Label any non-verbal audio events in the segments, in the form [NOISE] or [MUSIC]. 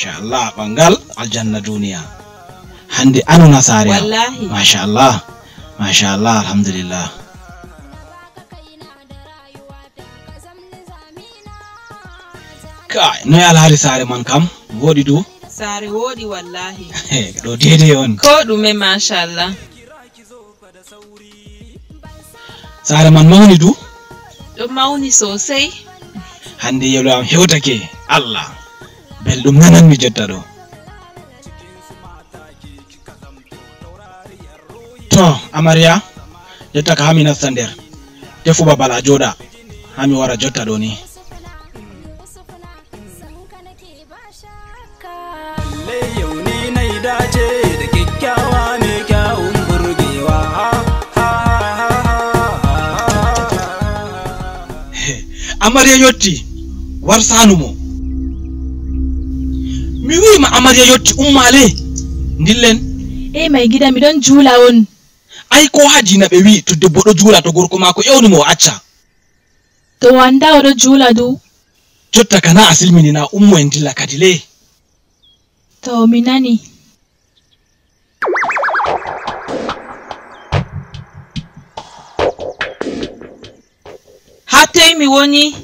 masha Allah bangal aljanna dunia. hande anu nasari sare masha Allah masha Allah alhamdulillah kai noy ya hari sare man kam Wodi du sare wodi wallahi [LAUGHS] Do dede on ko ɗume Allah sare man mawni du Do mawni sosai hande yelo am hewtake allah Bel ɗum nanan mi jotta ɗo to amariya jotta ka ha mi nasta nder defu babal a joɗa wara jotta ɗo ni amarya yotti war sanumo mi ma amarya yotti ummale dillen e eh, mai gida mi don juula on ay ko ha ɓe wi to debbo ɗo juula to gorko maako ƴewnimo o acca to wanda oɗo juula du jotta kana a silminina ummo en dilla kadi le to mi nani ha toy mi woni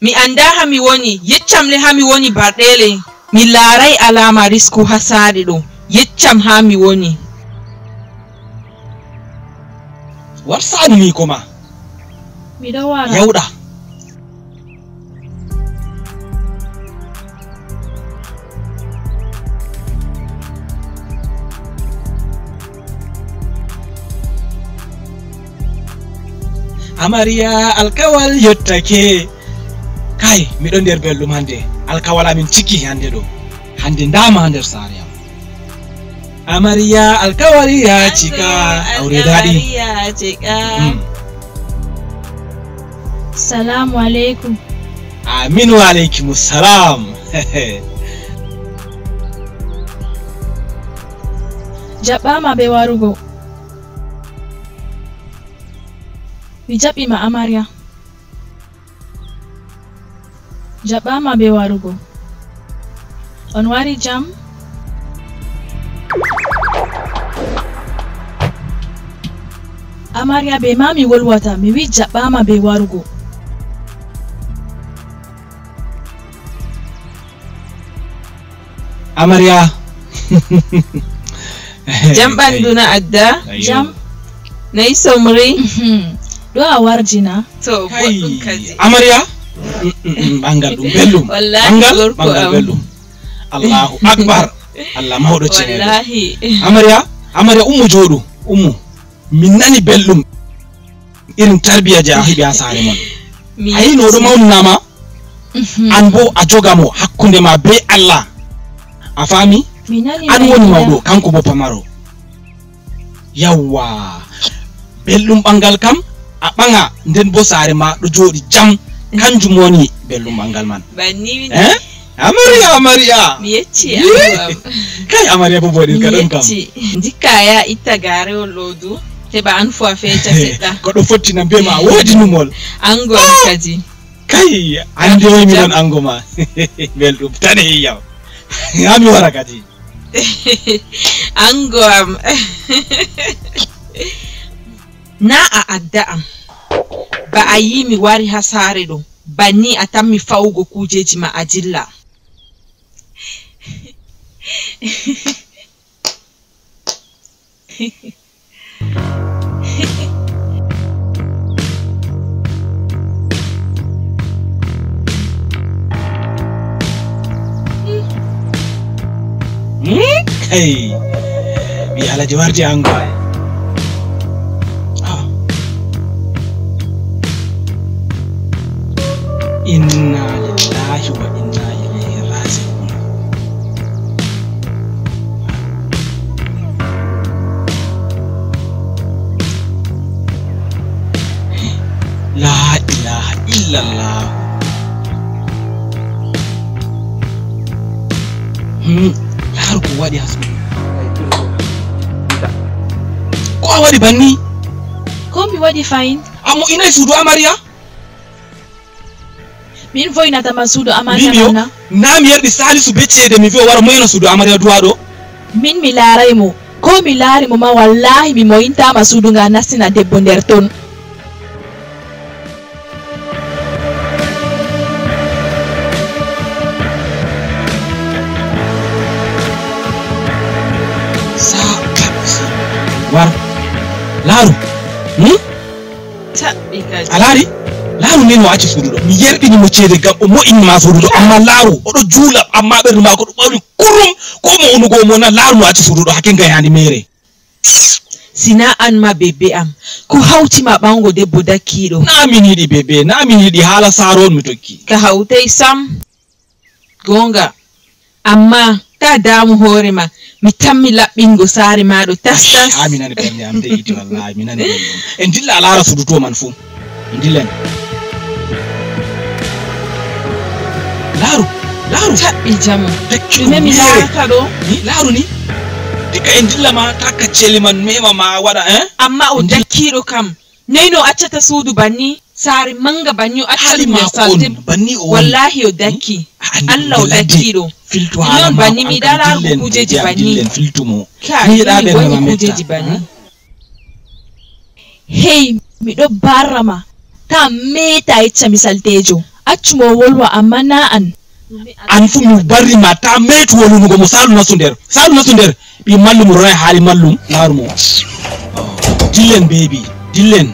mi anda ha mi woni yeccam le mi woni barɗele mi laray alama risku ha saare ɗo yeccam ha mi woni war saari koma mi miɗo wara yawɗa amariya alkawal yottake kai miɗo nder belɗum hannde alkawal min ciki hannde ɗo hannde ndama ha nder saare am amariya alkawari cika aure mm. salamu aleykum amin wa aleykum salam [LAUGHS] jaɓɓama be warugo mi jaɓɓima amariya jabama be warugo on wari jam Amaria be mami mi wolwata mi wi jabama be warugo [LAUGHS] Amaria. jam banduna adda jam Nai somri [LAUGHS] do warjina to boɗɗum ɓangal ɗum belɗum ɓangal ɓangal belɗum allahu akbar allah mawɗo ceneɗo amaria amaria ummu jooɗu ummu min nani belɗum irin tarbiya je a heɓi ha saare mon ayi no mawninama mhm. an bo a jogamo hakkunde ma be allah a faami an woni mawɗo kanko bo pamaro yawwa belɗum ɓangal kam a ɓaŋa nden bo saare ma ɗo jooɗi jam kanjum woni bellum mangal man banni eh? amariya amariya mi yecci kai amariya bo boɗin ka ɗon kam dikka ya itta garewol loodu heɓa an fo a fecca [LAUGHS] seɗɗa goɗɗo fottina be ma woodi iya. numol angol ah! kadi kai hande woymi ɗon ango ma [LAUGHS] belɗum tan yiyaw ha [LAUGHS] wara kaji. ango am na a adda am ba a yi mi wari ha saare ɗo banni a tanmi fawugo kujeji ma a hmm? Hey, bi alaji wardi ango. inna lillahi wa inna ilaihi raji'un la ilaha illallah hmm har ko waɗi hasbo ko a waɗi banni ko mi waɗi fine amma inai suudu amariya min voyinatama suudu amariyamam na na mi yerɗi salisu be ceede mi wi wara min mi laaray mo ko mi laari mo ma wallahi mi moyintama suudu nga nastina debbo nder ton war laaru hmm? a laaru nen o acci suuduɗo mi yerɗini mo ceede gam o moƴini ma suuduɗo amma laaru oɗo juula amma ɓerdu mako ɗo ɓawni kurum ko mo onugo mona laaru mo acci suuduɗo hakke gayani mere sina an ma bebe am ko hawtima ɓawgo debbo dakkiɗo na min yiɗi bebe na min yiɗi haala saaro on mi tokki ka hawtay sam gonga amma ta damu hoorema mi tammi laɓɓingo saare maɗo tastasaminanɓeamdeitwallahi minanɓe en dilla a laara suudutoman fo dillen laru laru taɓi jama ne mi laru ni laru ni diga en dilla ma ta kacceli man mema ma waɗa eh amma o dakkiɗo kam noyno accata suudu banni saare manga banni o accali nder sarde wallahi o dakki hmm? ah, allah o dakkiɗo ma banni mi yiɗa laarugo kujeji banni kaɗiɗaɓe kujeji banni hey mi miɗo barrama ta e misal tejo misaltejo achumo wolwa amana an an fu mi bari ma ta met wolunugo mo salu nasu nder salu nasu nder ɓi mallum rona haali mallum laarumo dillen bebi dillen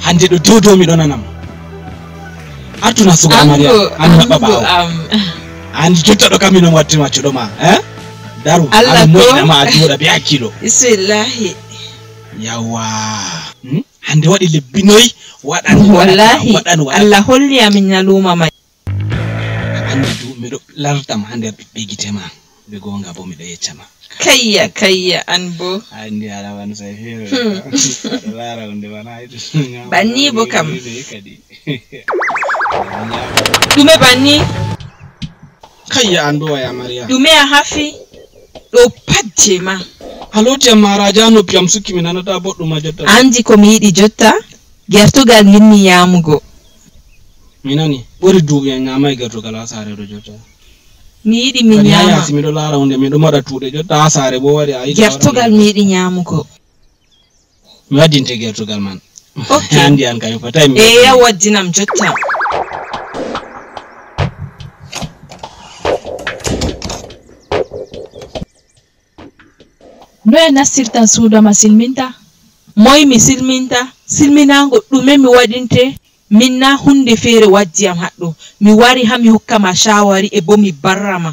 hande ɗo dow mi do nanam artuna sugo amaria an na baba an jotta ɗo kamino watti ma cuɗo ma daru allah moƴinama a joɗa bi akilo bismillah yawa hande waɗi lebbi noyi wallahi allah holli amin nyaluma mai hande du miɗo lartam ha nder ɓiɓɓe gite ma ɓe gonga bo miɗo yeccama kayya kayya an bo andi ala wan sai fere hmm. aɗa lara hunde wana e banni bo kam Dume banni kayya an bo waya mariya ɗume a hafi ɗo pat je ma a loti am maraja noppi am sukki mi nanata boɗɗum andi ko mi yiɗi jotta gertugal yinni yamugo minani ɓuri duuɓi en ñamai gertugal ha saare ɗo jotta mi yiɗi mi ñamayasi miɗo laara hunde miɗo maɗa tuuɗe jotta ha saare bo waɗi a gertugal mi yiɗi ñamugo mi waddinte gertugal man [LAUGHS] andi an kañum fotai eya eh, waddinam jotta noye nastirtan suuda ma silminta moy mi silminta silminago ɗume mi waɗinte min na hunde feere wajjiyam haɗɗo mi wari ha mi hokkama shawari e bo mi barrama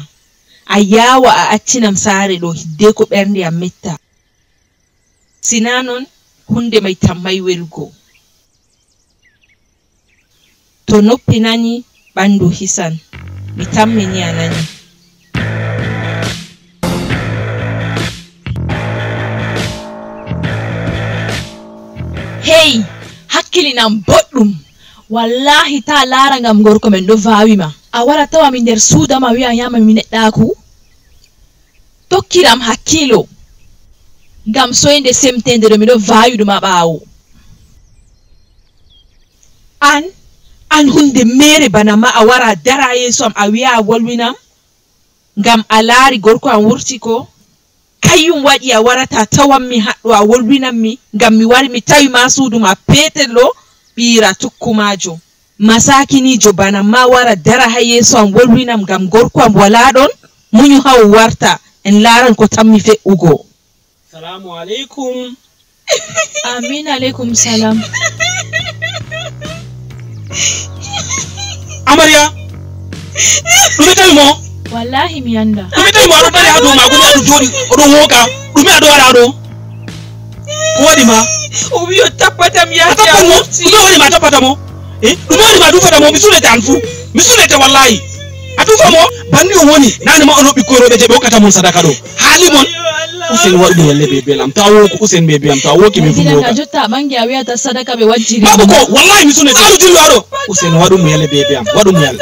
a yawa a accinam saare ɗo hidde ko ɓernde am metta sina non hunde mai tammai welgo to noppi nani ɓandu hisan mi tammini a nani ey hakkilinam boɗɗum wallahi ta lara gam gorko men ɗo vawima a wara tawami nder suudama wi'a yama mi neɗɗaku tokkiram hakkilo gam soyde semtedere miɗo vawiɗum a ɓawo an an hunde mere banama a wara dara yeso am a wi'a wolwinam gam a laari gorko am wurti ko kayum waɗi a warata tawan mi haɗɗo a wolwinan mi ngam mi wari mi tawi ma suudu ma petel ɗo ɓiira tukkumajo masakinijo bana ma wara dara ha yeeso am wolwinam ngam gorko am wala ɗon muñu ha o warta en laran ko tanmi fe'ugo salamu aleykum [LAUGHS] amin salam ɗume tawi mo wallahi mi annda ɗumi tawi waɗo dari ha dow ma gumi jooɗi oɗon woka ɗume aɗo waɗa ɗo ko waɗi ma o wi o tappatam yaatappanmo ɗume waɗi ma tappatamo e ɗume waɗi ma dufatamo mi sunete an fuu mi sunete wallahi a mo banni o woni nane ma ono ɓikkoy roɓe je ɓe hokkata mon sadaka ɗo haali mon usen waɗɗu helle bebe am ta woku usen bebe am ta woki min fumoka jotta a ɓangi a sadaka ɓe wajjiri babu ko wallahi mi sunete aɗo dillu aɗo usen waɗu muyal e bebe am waɗu muyal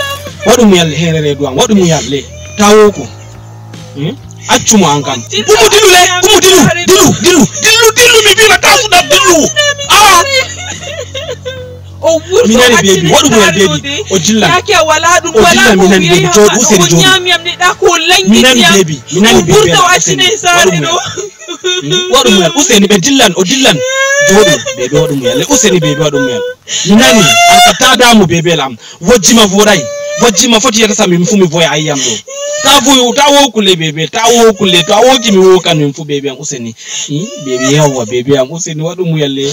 waɗu muyal herere du am waɗu muyal le tawo ko hmm? a cumwankan umu dilu le umu dilu dilu dilu dilu dilu mi bima ta suda dilu a minani bebi waɗumo ya bebi oh, o oh, hmm? [LAUGHS] jillan o oh, jillan minani bebi jooɗu useni jooɗu minani bebi minani bebi waɗumuyal useni ɓe dillan o dillan jooɗu bebi waɗumuyal useni bebi waɗumuyal minani an ka ta damu bebel am wojjima voɗay vojima foti yata sami mfumi voya ayi ɗo ta yu, ta kule bebe ta kule, tawo jimi woka mi wokan bebe am useni bebe yawwa bebe am useni waɗu muyalle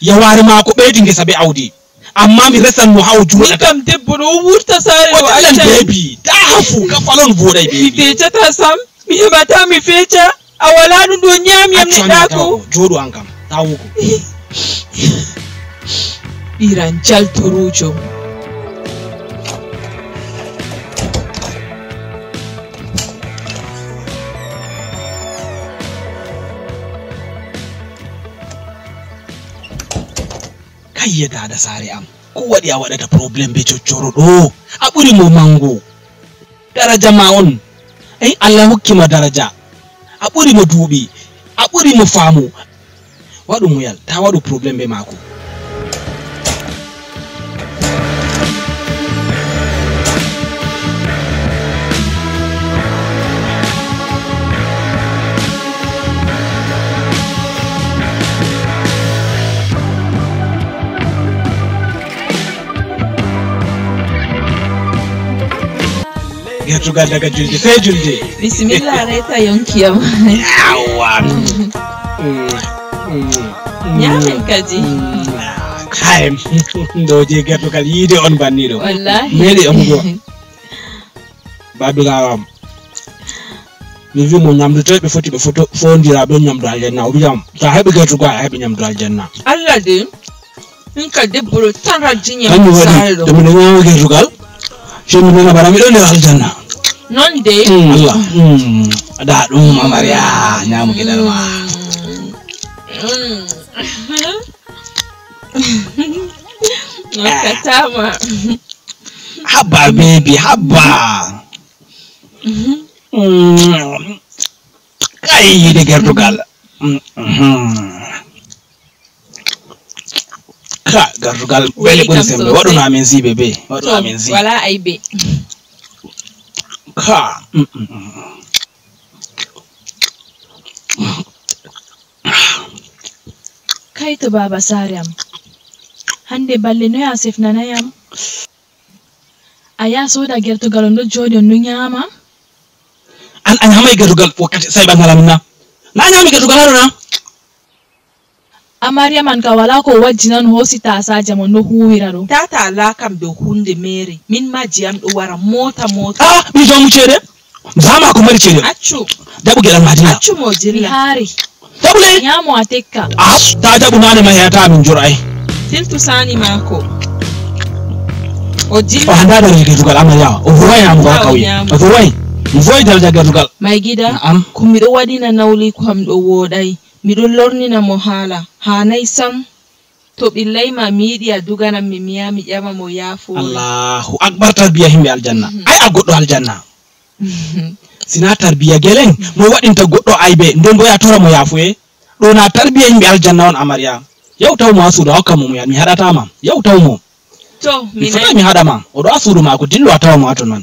yaware mako ɓeydi gesa be awdi amma mi resan nata. haw juuɗa kam debbo ɗo wurta saare Watu lan bebi ta hafu ka falon voɗay bebi mi fecata sam mi heɓata mi feca a wala ɗum ɗo ñaami am neɗɗako joɗo an kam ta woko ɓiran caltorujo ta da sare am ko waɗi a waɗata problem be coccoro ɗo a ɓuri mo mango daraja ma on ai allah ma daraja a ɓuri mo dubi a ɓuri mo wadu waɗu muyal ta waɗu problem be mako yatuganda gajulidde julde bisimilla aleeta yonkiyam awa nyame kadi hay ɗo je gertugal yiide on banniɗo meeɗi on go babirawam mi wimo ñamdu toy ɓe foti ɓe fondira ɗon ñamdu aljanna o wiyam sa heɓe gertugo a heɓe ñamdu aljanna allah de min ka debbo ɗo tan rajjiñamdu saare ɗomine ñawa gertugal shemu nana bara mi ɗon nder aljanna non de mm. allah mm. da ɗum amariya ñamu giɗal e ma mm. [LAUGHS] nokkatama habba bebi habba mm-hmm. kay yiɗi gertugal mm-hmm. ka garugal bele ɓuri sembe waɗuna amin zibe be waɗuna amin zi wala aibe ka kai to baba sariam, hande balle ya sef a sefnanayam aya so soda gerto galon do jodi on ɗo nyama an a nyamai gertugal wakkati sai ɓangalam na na nyami gertugal na amarya man ka wala ko wajinan ho si tasaje no huwira ɗum tata ala kam dow hunde mere min ma jiam do wara mota mota ah mi jomu ceede bama ko mari ceede accu daɓu gueɗal ma dilla accu mo dilla haari daɓule ñamo a ateka ah ta daɓu nane ma heyata min jurai ay tiltu sani mako o dilla o handada rege dugal amarya o huwa ya mo kawye o huway mi dal daraja gerdugal mai gida kumido wadina nauli waɗina nawli kam ɗo miɗo lorninamo haala hanayi sam to ɓillay ma mi yiɗi a duganan mi miya mi ƴama mo yaafo allahu akbar tarbiya himɓe aljanna mm-hmm. ai a goɗɗo aljanna mm-hmm. sina tarbiya gelen mo waɗinta goɗɗo aybe nden bo tora mo yaafoye ɗo na tarbiya himɓe aljanna on amariya yaw taw mo ha suudu a hokka mo muyal mi haɗatama yaw taw mo to mi fota mi haɗama oɗo ha suudu maako dillo a tawa mo ato noon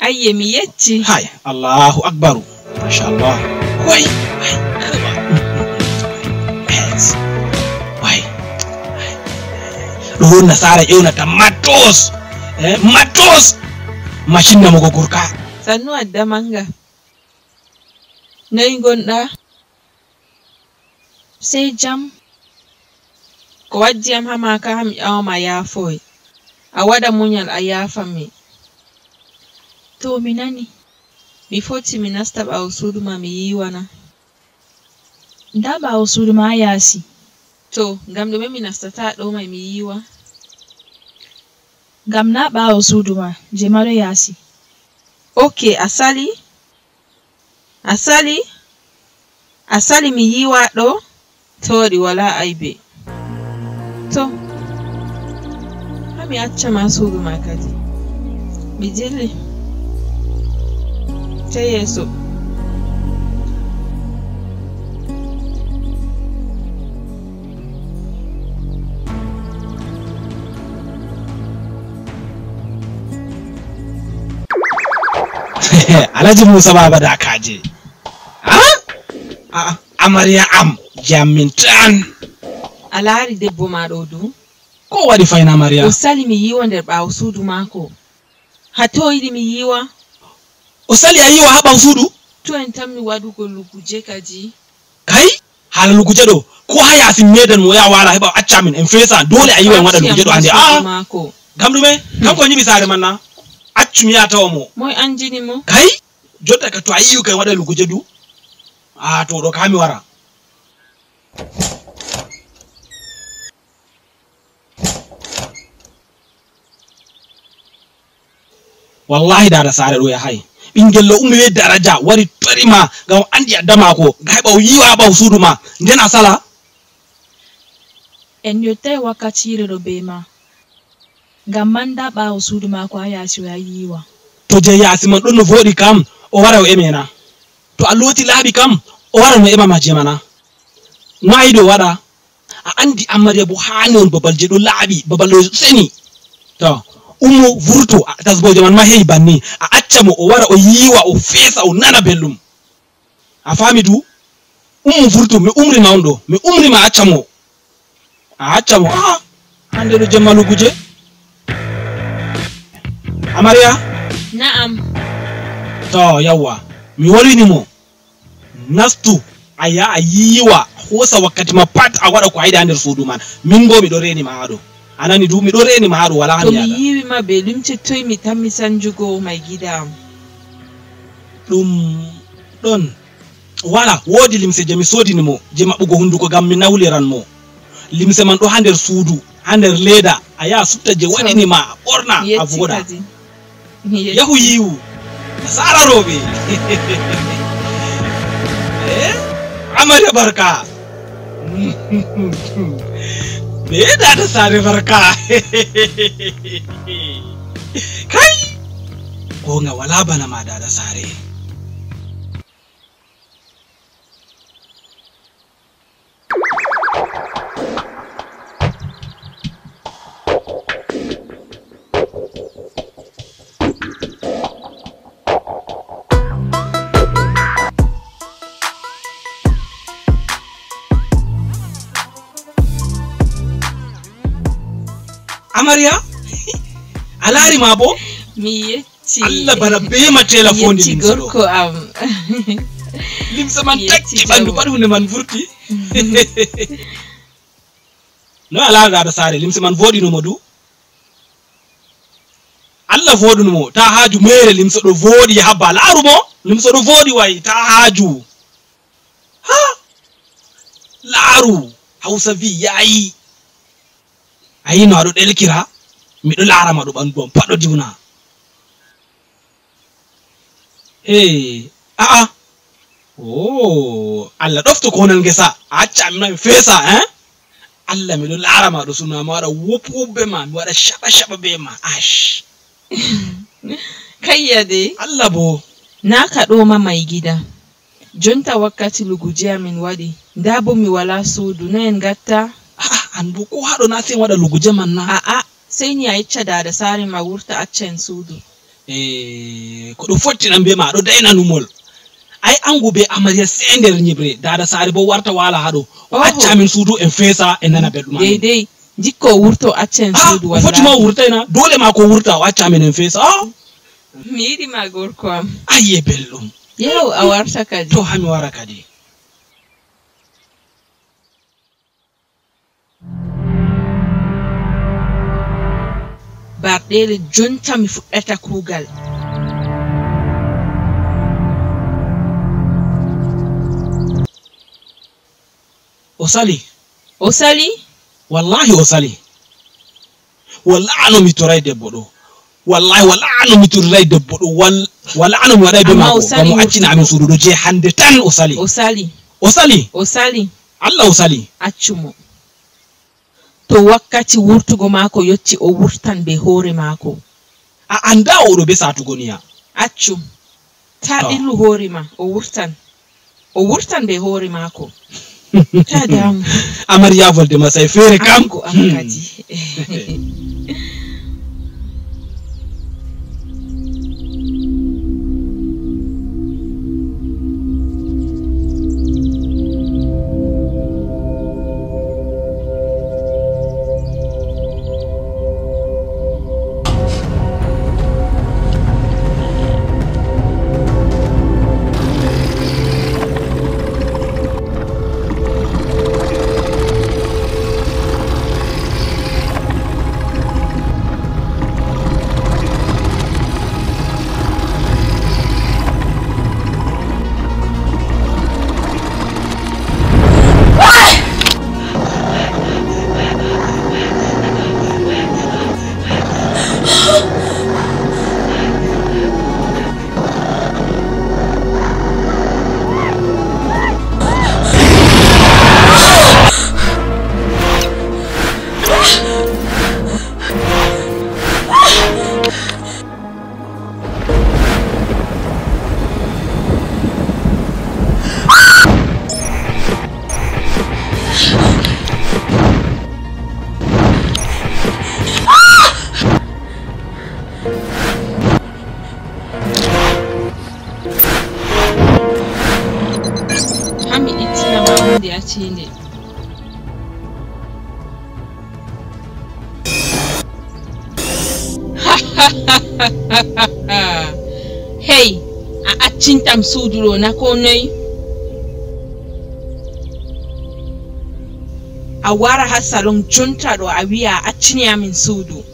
ayye mi yecci hay allahu akbaru machallah koy ɗo nasara ƴewnata matos eh, matos machine na mogo kurka sanu adda manga noyi gonɗa sey jam ko waddi am ha maka ha mi ƴawama yaafoy a waɗa munyal a yaafami to mi nani mi foti mi nasta ɓaawo suudu mi yiwana nda ɓaawo suudu ma yaasi to ngam ɗume mi nastata ɗo mai mi yiwa ngam na ɓawo sudu ma je maɗo yaasi ok asali asali asali mi yiwa ɗo tori wala aibe to ha mi acca ma sudu ma kadi mi jilli ta yeso alhaji musa baba da ka je amarya am jamin tan alhari debbo ma ɗo du ko waɗi fayna amarya o sali mi yiwa nder ɓawo suudu maako ha to yiɗi mi yiwa o sali a yiwa ha ɓawo suudu to en tan mi waɗugo luguje kadi kai hala luguje ɗo ko ha yaasi medan mo ya wala heɓa accamin en fesa dole a yiwa en waɗa luguje ɗo hande a gam ɗume kanko yiɓi saare man na accumi a tawa mo moy andini mo kay jotta ka to a yiwi kan waɗa luguje du a to ɗo kami wara wallahi dada sare ɗo yahay ɓingel lo ummi be daraja wari torima ngam andi adda mako gayɓa o yiwa ɓaw suudu ma nden a sala en yottai wakkatire ɗo be ma ngam man nda ɓaawo suudu maako ha yaasi o yahi yiwa to je yaasi man ɗon no voɗi kam o wara o emena to a looti laaɓi kam o wara no emama je mana no ayiɗi o waɗa a andi ammariya bo haani on babal je ɗo laaɓi babal ɗo seni to ummo vurto tasboje man ma heyi banni a acca mo o wara o yiwa o feesa o nana belɗum a faami du ummo vurto mi umrima on ɗo mi umrima acca a acca a hande ɗo jemmaluguje amaria na'am to yawa mi woli ni mo nastu aya ayiwa hosa wakkati ma pat a waɗa ko ayiɗa nder suudu man min bo miɗo reni ma haɗo anani du do reni ma haɗo wala hami mi yiwi ma be lumcettoy mi tammi sanjugo oh mai gida dum ɗum ɗon wala woodi limse je mi ni mo je maɓɓugo hunduko gam mi nawliran mo limse man ɗo ha nder suudu ha nder leeda a yaha subta je waɗinima ɓorna a voɗa yahu yiwu asara robe [LAUGHS] eh? amada barka [LAUGHS] me da da sare barka [LAUGHS] kai ko nga wala bana ma da sare amariya alarima bo mi allah bana be ma téléphone gorko am um. limse man takki ɓanndu pat hunde man vurti [LAUGHS] no alagaɗo saare limse man voɗinomo du allah voɗunomo ta haju mere limse ɗo voɗi habba laarumo limse ɗo voɗi way ta haju ha laaru hausa vi yayi Ayi no aɗo ɗelkira miɗo larama ɗo ɓandu am pat ɗo diwna e aa o allah ɗofto konal ngesa acca amino mi fesa e allah miɗo larama ɗo suna, ama waɗa wop wop be ma mi waɗa shaɓa shaɓa be ma ash [LAUGHS] kayya de allah bo na ka ma mai gida jonta wakkati luguji amin waɗi nda bo mi wala sudu na en gatta andu ko haɗo na sen wada luguje man na aa seni a da da sare ma wurta a can sudu. Eh ko fotti fottinan be ma do ɗo dainanumol ai angu be amarya sai nder nyibre da sare bo warta wala haɗo acca min sudu en fesa en nana Dai dai jikko wurto a en ah, sudu wala wurta na dole ma ko wurta o acca min en fesa ah. mi yiɗi ma gorko am ayye belɗum Yau a warta kadi to hami wara kadi barɗere jonta mi fuɗɗata kuugal o sali o sali wallahi o sali wallano mi toray debbo ɗo wallahi wallano mi toriray debbo ɗo wallano mi waɗay be maako gamo accina amin suudu ɗo je hande tan o sali o sali o sali o sali allah o sali accumo to wakkati wurtugo maako yotti o wurtan be hoore maako a annda oɗo be satugo niya accum ta ɓillu ah. hoore ma o wurtan o wurtan be hoore maako ta [LAUGHS] damu amariya yavolde ma sai feere kam ko [LAUGHS] [LAUGHS] ce ne [LAUGHS] hey a tamsu duro na konai. noyi a wara ha junta ɗo a wiya a yamin sudu.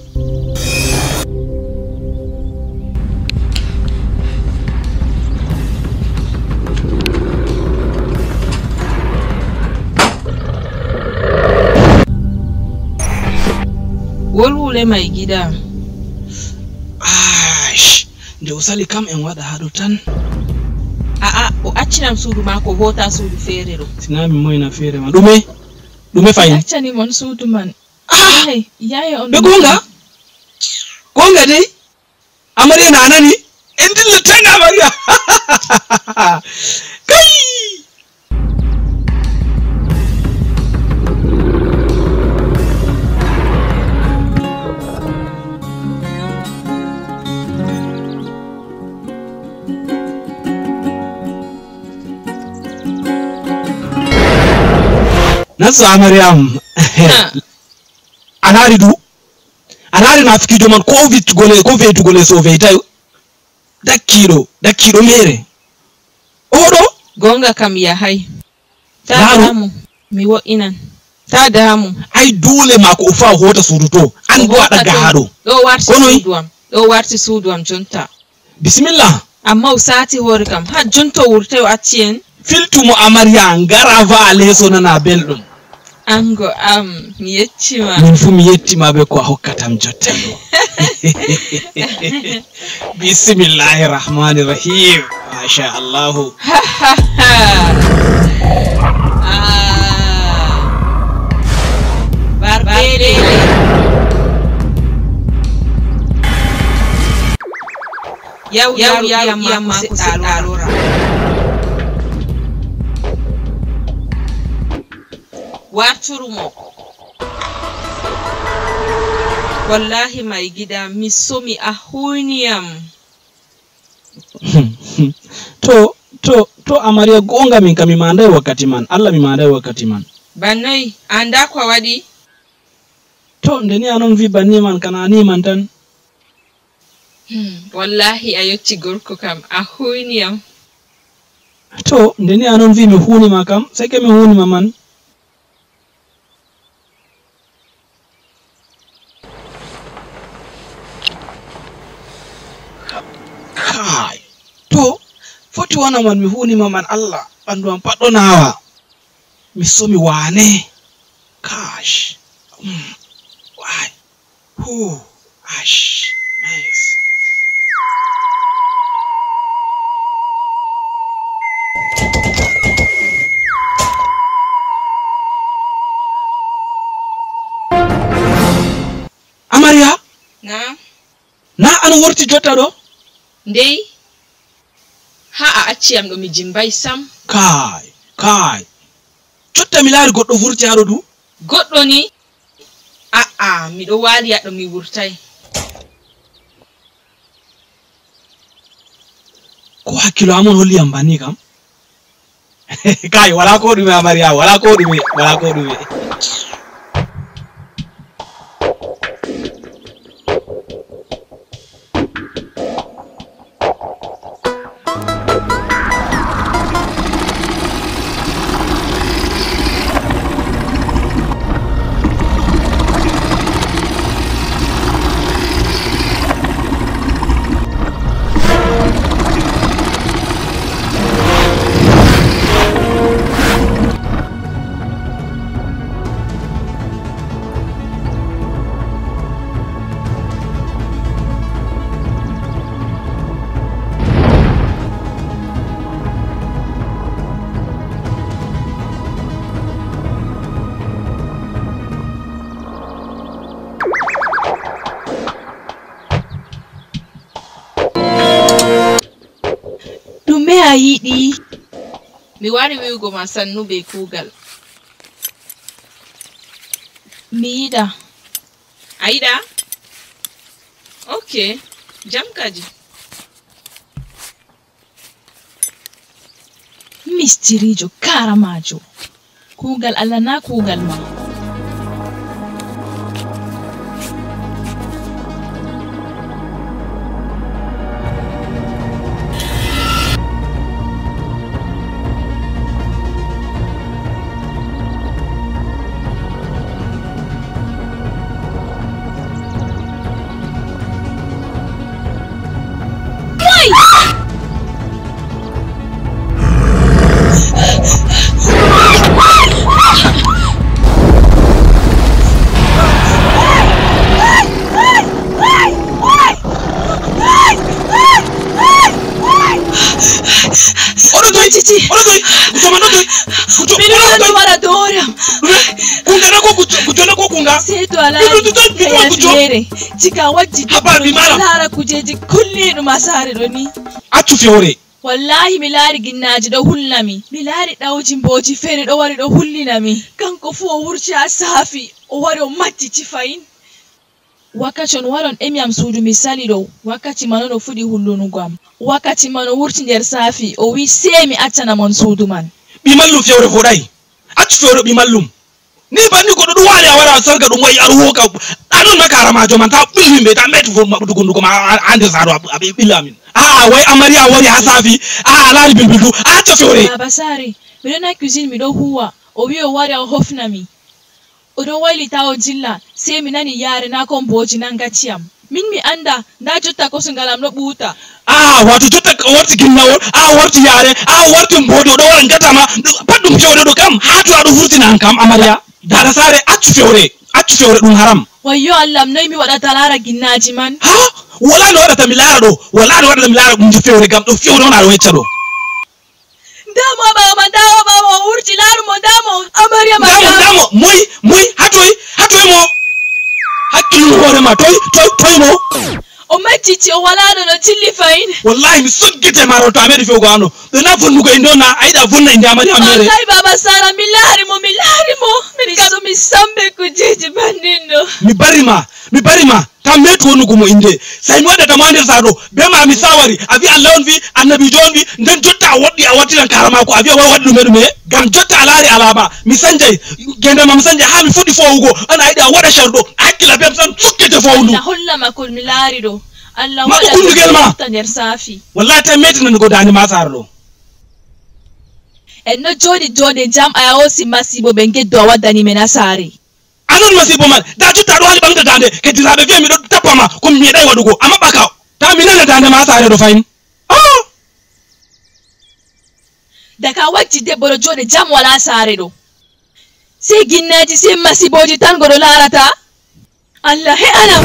Golwule mai gida. Ash, da usali kam en waɗa hadu tan tan. A'a, o accinam sudu ma ko hota suudu feere ɗo. moy na fere ma. Ɗume? Ɗume fayin? Accani mon sudu man. Ah! Yaya on. Be gonga? Gonga dai? Amarya na anani? En dilla tanga bariya [LAUGHS] sasa mariam eh, alaari du alaari nafikijo man ko gole ko weytugole so kilo da dakkiɗo mere oɗo gonga kam yahay taamu mi wo'inan ta damu ai dole ma ko fa hota sudu to an go ada gaharo do warti suduam do warti suduam am jonta bismillah amma usati hore kam ha jonto wurte o acci en filtumo amariya ngara va leso nana belɗum ango am miyettima min fu mi yettimaɓe ko a hokkatam jottano bismillahi rahmani rahim masha allahu yaw yaw yaw yamma ko seɗɗa lora warturu wallahi mai gida mi so mi a huniyam [LAUGHS] to to to amarya gonga min kam mi mandai wakkati man allah mi mandai wakkati man bannoyi anda ko waɗi to ndeni anon wi banni man kana animan tan hmm, wallahi a yetti gorko kam a huniyam to ndeni anon vi mi hunima kam ke mi hunima man kai to foti wonaman mi hunima man allah ɓandu am pat ɗo nawa mi somi wane kash mm. why hu ash nice amariya na na an worti jotta ɗo ndey ha a acci yam ɗo mi jimbay sam kay kay cotta mi laari goɗɗo vurti haɗo du goɗɗo ni a'a miɗo waali aɗo mi wurtay ko hakkilo amon holli yam banni kam [LAUGHS] kay wala ko ɗume amariya wala ko ɗume wala ko ɗume yiɗi mi wari wiwugo ma sannu be kuugal mi yiɗa a yiɗa ok jam kaji mistirijo karamajo kuugal allah na kuugal ma ba ino tuto jika wajji haba mi mala lara kujeji kulli no masare do ni accu fiore wallahi mi laari ginnaji ɗo hulnami mi laari ɗawjimboji feere ɗo wari ɗo hullinami kanko fuu o wurti ha saafi o wari o majjiti fayin wakkati on waron emi am suudu mi sali ɗo wakkati man on o fuɗi hullunugo am wakkati man o wurti nder saafi o wi sei mi accanamon suudu man ɓimallum fewre voɗayi accu fewre ɓimallum ni niba ndiko duduwali awala sarka du moy arhuka anu nakara ma man ta billi be ta metti fo mabudu gundu kuma ande zaro abi billamin a wai amariya wari hasafi a lari bilbidu a ta fore ah, basari mi na cuisine mi do huwa wi o wari hofna mi odo waili ta o jilla se mi nani yare na ko boji na gaciam min mi anda nda jotta ko singalam do buuta a wato jotta warti ginnawol a warti yare a warti mbodo do waran gatama pat dum jewde do kam ha to aɗo furtina an kam amariya sare accu feure, accu feure ɗum haram wayyo allah noyi mi waɗata laara ginnaji man ha wala no waɗata mi laara ɗo wala no waɗata mi laara ɗum je fewre gam ɗo fewre on aɗo ɗo damo ɓawo ma dawo ɓawo o wurti laarumo damo amariama damo damo moy moy ha toy ha toy mo hakkillu toy toy toy mo omatiti owalaɗoɗo tillifayne wallahi mi soggite maro to amede fewgo ano ɗona vonnugo e ndona ayiɗa vonna e nde amari amere wallahi baba sara mi laarimo mi laarimo min kam mi sambe kujeji bannin ɗo mi barima mi barima tamme tonu gumo inde sai mo da tamande sado be ma mi sawari abi allah on fi annabi jon fi nden jotta woddi a wattiran karama ko abi wa waddi ɗum ɗum gam jotta alaari alaba mi sanjay gende mam sanjay ha mi fuɗɗi fowugo ana yiɗi a waɗa charɗo hakkilla bem tan sukkete fowndu hollama kol mi laari ɗo kundugel ma nder saafi wallahi tan metinanigo dani ma sara ɗo en no jooɗi jooɗe jam a yawosi masibo ɓen geddo a waddanimen a saare anon masibo man da juttaɗo hani ɓamde dande kedditaɓe wiya miɗo tappama ko mi meeɗai waɗugo amma ɓaka ta mi nana dande ma saare ɗo fayin daga wacci debbo ɗo joɗe jam wala saare ɗo sei ginnaji sei masiboji tan goɗo larata allah He he'anam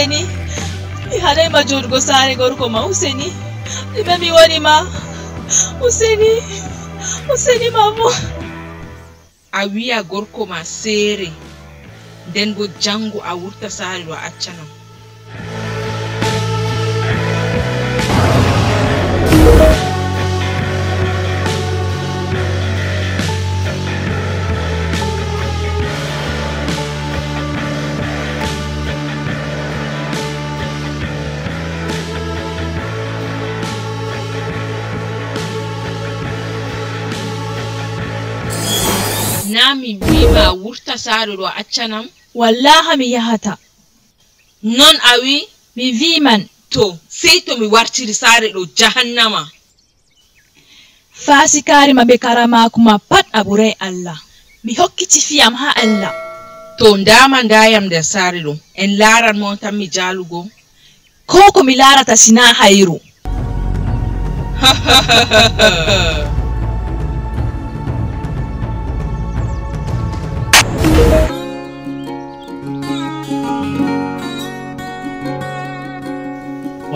useni mi haɗayma joɗugo saare gorko ma useni ɗume mi wonima useni useni mamo a wi'a gorko ma seere nden bo janngo a wurta saare ɗo a accanam na mi wima wurta saare ɗo accanam wallaha mi yahata non a wi mi wiman to sey to mi wartiri saare ɗo jahannama fasikaari maɓe kara maako ma pat a ɓuray allah mi hokkiti fiyam ha allah to ndama ndayam nder saare ɗo en laran mon tan mi jalugo ko ko mi larata sina hayru [LAUGHS]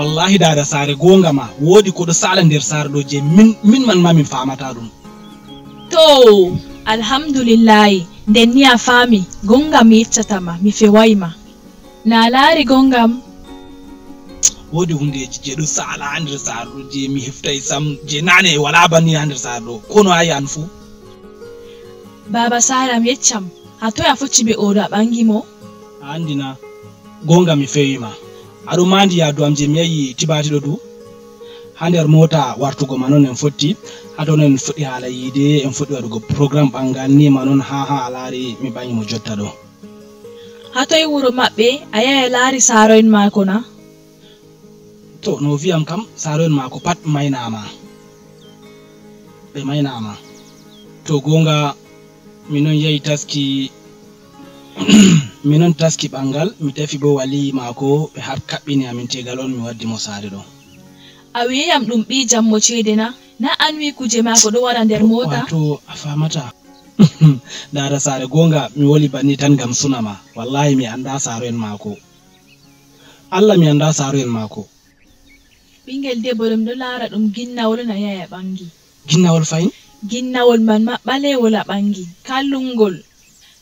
wallahi dada saare gongama ma woodi koɗo sala nder saare ɗo je min min man ma min famata ɗum to alhamdulillahi nden ni a faami gongam mi yeccatama mi fewayma na laari gongam woodi hundeji je ɗo sala ha nder saare ɗo je mi heftay sam je nane e wala banni ha nder saare ɗo kono ayi an fuu baba sara mi yeccam ha toy a focci ɓe oɗo a ɓangimo a andina gonga mi fewima aɗo mandi yaadu am je mi yahi tibatiɗo du ha nder mota wartugo ma noon en fotti ha ton en fuɗɗi haala yiide en fuɗɗi waɗugo programme ɓangal ni ma noon ha ha a laari mi ɓaŋimo jotta ɗo ha toye wuro maɓɓe a yahi a laari saaroen maako na to no wiyam kam saaroen maako pat maynama ɓe maynama to gonga mi noon yehi taski [COUGHS] minon taski ɓangal mi tefi bo wali maako ɓe har kaɓɓini amin tegal on mi waddi mo saare ɗo a wiyam ɗum ɓi jammo ceede na na an wi kuje maako ɗo wara nder mota to a famata [LAUGHS] dara saare gonga mi woli banni tan gam sunama wallahi mi anda saaro en maako allah mi anda saaro en maako ɓingel debbo ɗum ɗo laara ɗum ginnawol na yaya ɓangi ginnawol fayin ginnawol man ma ɓalewol a ɓangi kallungol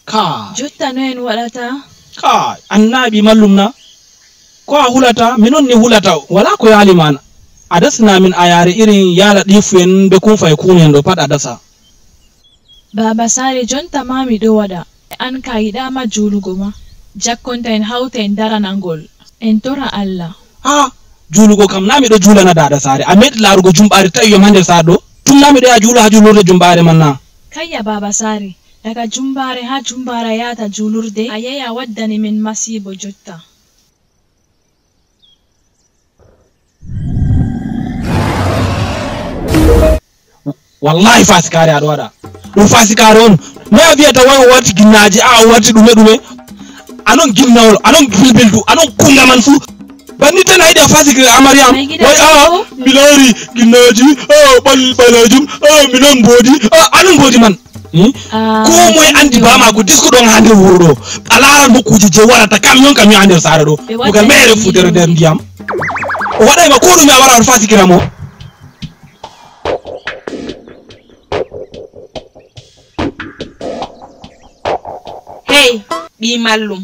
ka jotta noyen waɗata ka annabi mallum na ko a hulata minon ni hulata wala ko yalimana a dasna min a yare irin yala ɗifu be kun fay e kunen ɗo pat a dasa baba sare jonta ma miɗo waɗa an ka yiɗama julugo ma jakkonta en hawta en daranangol en tora allah ha julugo kam na miɗo julana dada sare a meɗi larugo jumɓare tawi yom ha nder sare ɗo tum na miɗo yaha jula ha julurde jumɓare man na kayya baba sare Daga jumbaare haa jumbaara yaata juulurde ayaya waddani min masiibo jotta. wallahi fasikare aɗo waɗa ɗum fasikare on noya wiyata wai o warti ginnaji a o warti ɗume ɗume anon ginnawol anon bilbildu anon kunga man fuu banni tan ayiɗi a fasikire amariam wai a ah, mi laari ginnaji oh, a ɓalajum a oh, minon mboodi a oh, anon mboodi man Hmm? Ah, ko moye andi bamako diskuɗon ha nder wuuro ɗo a laara nokkuji je waɗata kam yon kam yo ha nder saare ɗo oga mehere fudere nder ndiyam o waɗayma ko ɗum e a wara aɗa fasikira mo hey ɓi mallum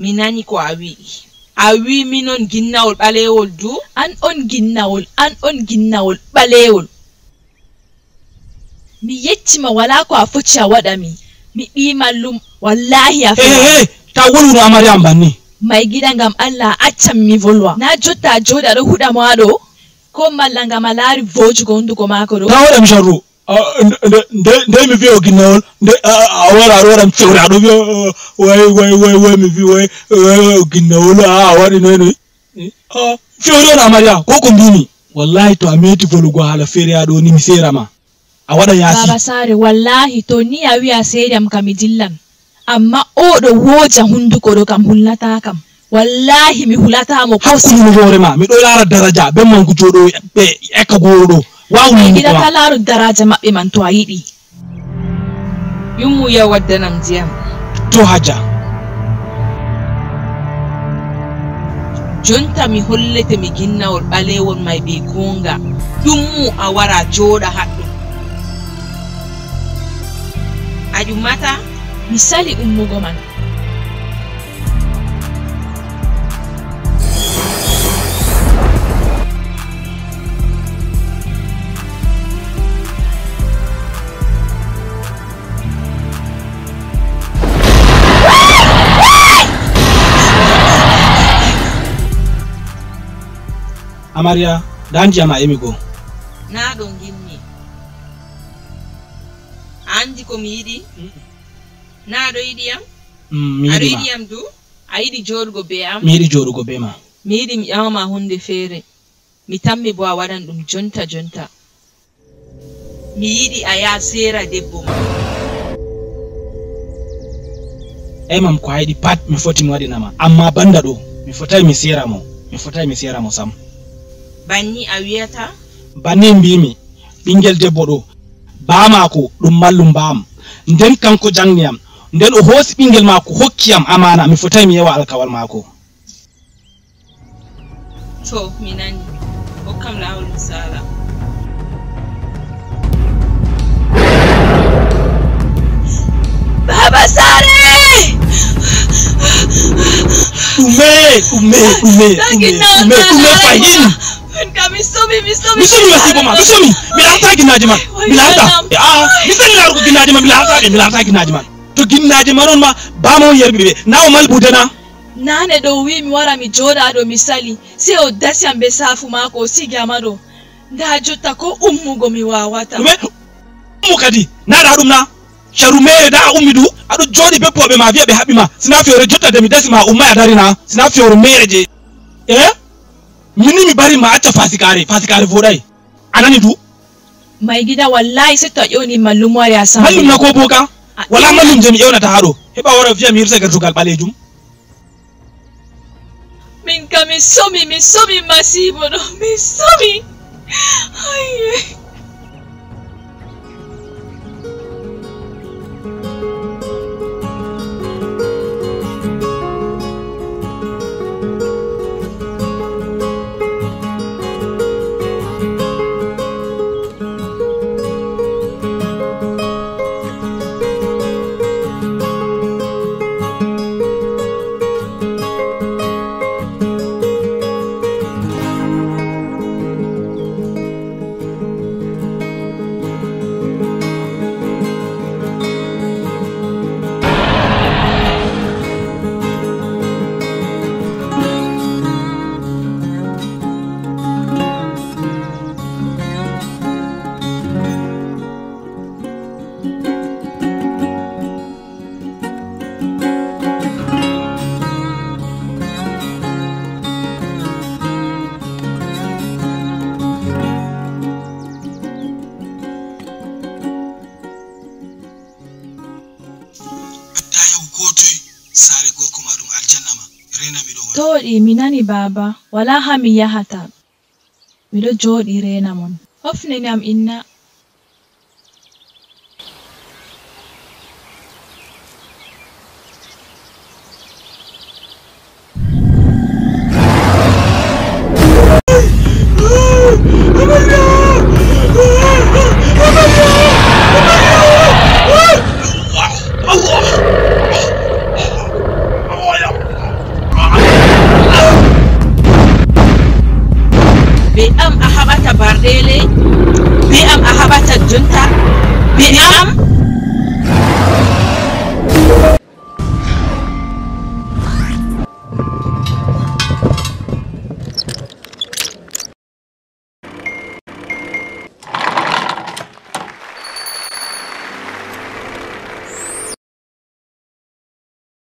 mi nani ko a wii a wi minon ginnawol ɓalewol du an on ginnawol an on ginnawol ɓalewol mi ma wala ko a foti a waɗa mi mi ɗimallum wallahi a hey, eh, eh, hey, eh, ta wolwuro amari am banni mai gida ngam allah accan mi volwa na jotta a joɗi aɗo huɗa mo aɗo ko malla ngam a laari vojugo hunduko maako ɗo ta waɗam jarru nde mi wiyo ginnawol nde a wara aɗa waɗam cewre aɗo wiyo uh, way way way way mi wi way ginnawol a waɗi noynoy fewre on amari a ko ko mbimi wallahi to a meti volugo haala feere aɗo ni mi serama awaɗa yaasi baba sare wallahi to ni a wi'a seediyam kam mi e dillan amma oɗo woja hunduko ɗo kam hullata kam wallahi mi hulatamo hakkunugo hoorema miɗo laara daraja be mangu joɗo ɓe ekka gooro ɗo wawmiɗata laaru daraja maɓɓe man to a yiɗi yummuya waddanam ndiyam to haja jonta mi hollete mi ginnawol ɓalewol may be gonga ɗummu a wara jooɗa haɗɗo a mata mi sali ummugo man amarya da hanji ama emigo na andi mi yiɗi na aɗo yiɗi yam mm, aɗo yiɗi yam du a yiɗi joɗugo be am mi yiɗi joɗugo be ma mi yiɗi mi ƴawama hunde feere mi tammi bo a waɗan ɗum jonta jonta mi yiɗi a yaha sera debbo ma eyi mam ko a yiɗi pat mi foti mi waɗinama amma banda ɗo mi fotai mi sera mo mi fotai mi sera mo sam banni a wiyata banni mbimi ɓingel debbo ɗo ba mako ɗum mallum ba am nden kanko jangni am nden o hoosi ɓingel maako hokki am amana mi fotai mi yewa alkawal maako to mi nani hokkam lawol mi sala baba sare ɗume ɗume ɗume ɗume ɗume fahin misomi wasiboma misomi milarta ginnaji man milarta a ah, misani larugo ginnaji man milartaɗe milarta ginnaji man to ginnaji ma noon ma bamao yermi ɓe na o malbudena nane ɗo wi mi wara mi joɗa ɗo mi sali sey o dasi am be safu mako o sigi ama ɗo nda jotta ko ummugo mi wawata ɗume ummu kadi naɗa ɗum na sharu mere da ummi du aɗo joɗi poɓe ma wiya ɓe haɓɓima sina fewre jotta de mi dasi ma ummay darina sina fewre mere je e eh? mini mi bari ma acca fasikare fasikare vorai anani du mai gida wallahi sitta yoni mallumwa ya samu mallum na ko boka wala eh. mallum jami yona ta haro heba wara fiya mi hirsa gartugal balejum min ka mi somi mi somi masibo no mi somi Ay, jooɗi mi nani baaba wala ha mi yahata miɗo jooɗi reena mon hofnani am inna